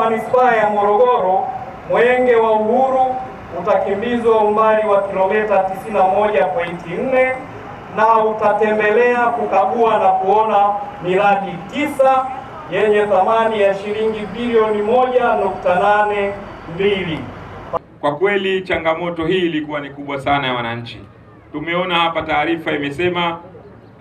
manispaa ya Morogoro, mwenge wa uhuru utakimbizwa umbali wa kilomita 91.4 na utatembelea kukagua na kuona miradi tisa yenye thamani ya shilingi bilioni 1.82. Kwa kweli changamoto hii ilikuwa ni kubwa sana ya wananchi, tumeona hapa taarifa imesema,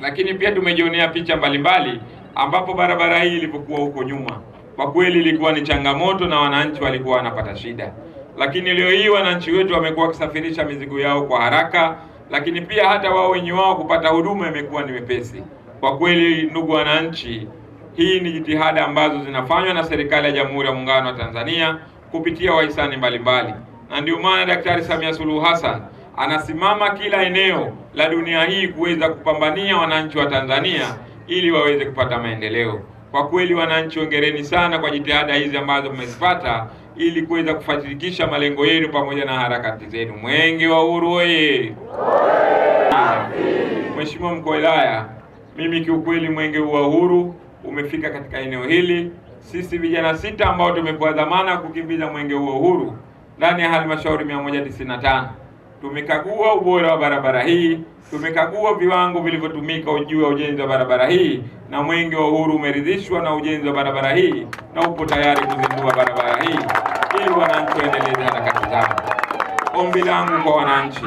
lakini pia tumejionea picha mbalimbali ambapo barabara hii ilivyokuwa huko nyuma kwa kweli ilikuwa ni changamoto na wananchi walikuwa wanapata shida, lakini leo hii wananchi wetu wamekuwa wakisafirisha mizigo yao kwa haraka, lakini pia hata wao wenye wao kupata huduma imekuwa ni mepesi. Kwa kweli, ndugu wananchi, hii ni jitihada ambazo zinafanywa na serikali ya Jamhuri ya Muungano wa Tanzania kupitia wahisani mbalimbali, na ndio maana Daktari Samia Suluhu Hassan anasimama kila eneo la dunia hii kuweza kupambania wananchi wa Tanzania ili waweze kupata maendeleo. Kwa kweli, wananchi, hongereni sana kwa jitihada hizi ambazo mmezipata ili kuweza kufanikisha malengo yenu pamoja na harakati zenu. Mwenge wa Uhuru oye! Mheshimiwa mkuu wa wilaya, mimi kiukweli, mwenge wa uhuru umefika katika eneo hili. Sisi vijana sita ambao tumepewa dhamana kukimbiza mwenge wa uhuru ndani ya halmashauri 195 tumekagua ubora wa barabara hii, tumekagua viwango vilivyotumika juu ya ujenzi wa barabara hii, na mwenge wa uhuru umeridhishwa na ujenzi wa barabara hii na upo tayari kuzindua barabara hii ili wananchi waendeleze harakati zao. Ombi langu kwa wananchi,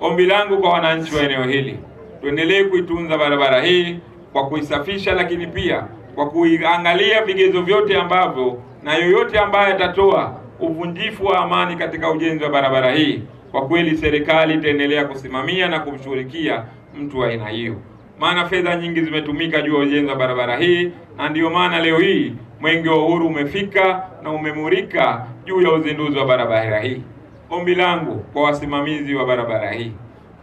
ombi langu kwa wananchi wa eneo hili, tuendelee kuitunza barabara hii kwa kuisafisha, lakini pia kwa kuiangalia vigezo vyote ambavyo na yoyote ambaye atatoa uvunjifu wa amani katika ujenzi wa barabara hii kwa kweli serikali itaendelea kusimamia na kumshughulikia mtu wa aina hiyo, maana fedha nyingi zimetumika juu ya ujenzi wa barabara hii, na ndiyo maana leo hii Mwenge wa Uhuru umefika na umemurika juu ya uzinduzi wa barabara hii. Ombi langu kwa wasimamizi wa barabara hii,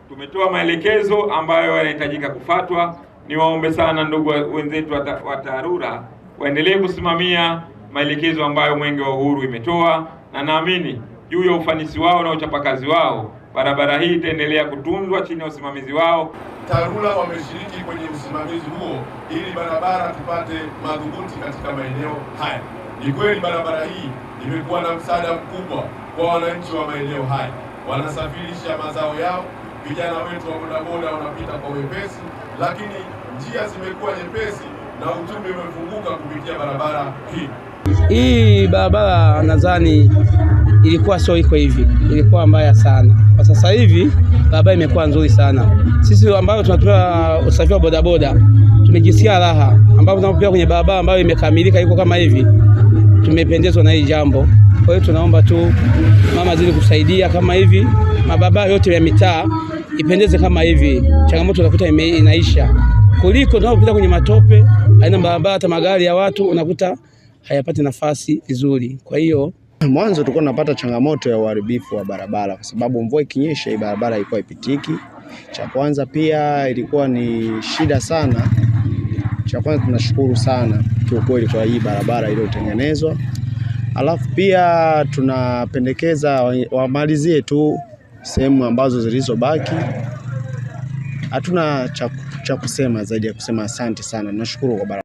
tumetoa maelekezo ambayo yanahitajika kufatwa. Niwaombe sana ndugu wenzetu wa TARURA waendelee kusimamia maelekezo ambayo Mwenge wa Uhuru imetoa na naamini juu ya ufanisi wao na uchapakazi wao. Barabara hii itaendelea kutunzwa chini ya usimamizi wao. TARURA wameshiriki kwenye usimamizi huo ili barabara tupate madhubuti katika maeneo haya. Ni kweli barabara hii imekuwa na msaada mkubwa kwa wananchi wa maeneo haya, wanasafirisha mazao yao, vijana wetu wa bodaboda wanapita kwa wepesi, lakini njia zimekuwa nyepesi na uchumi umefunguka kupitia barabara hii. Hii barabara nadhani ilikuwa sio iko hivi, ilikuwa mbaya sana. Kwa sasa hivi barabara imekuwa nzuri sana. Sisi ambao tunatumia usafiri wa bodaboda tumejisikia raha, ambapo tunapopita kwenye barabara ambayo imekamilika iko kama hivi, tumependezwa na hili jambo. Kwa hiyo tunaomba tu mama zili kusaidia kama hivi, mabarabara yote ya mitaa ipendeze kama hivi, changamoto unakuta inaisha, kuliko tunapopita kwenye matope, aina barabara, hata magari ya watu unakuta hayapati nafasi vizuri. Kwa hiyo Mwanzo tulikuwa tunapata changamoto ya uharibifu wa barabara kwa sababu mvua ikinyesha hii barabara ilikuwa ipitiki Cha kwanza pia ilikuwa ni shida sana. Cha kwanza tunashukuru sana kiukweli kwa hii barabara iliyotengenezwa. Alafu pia tunapendekeza wamalizie tu sehemu ambazo zilizobaki. Hatuna cha kusema zaidi ya kusema asante sana. Nashukuru kwa barabara.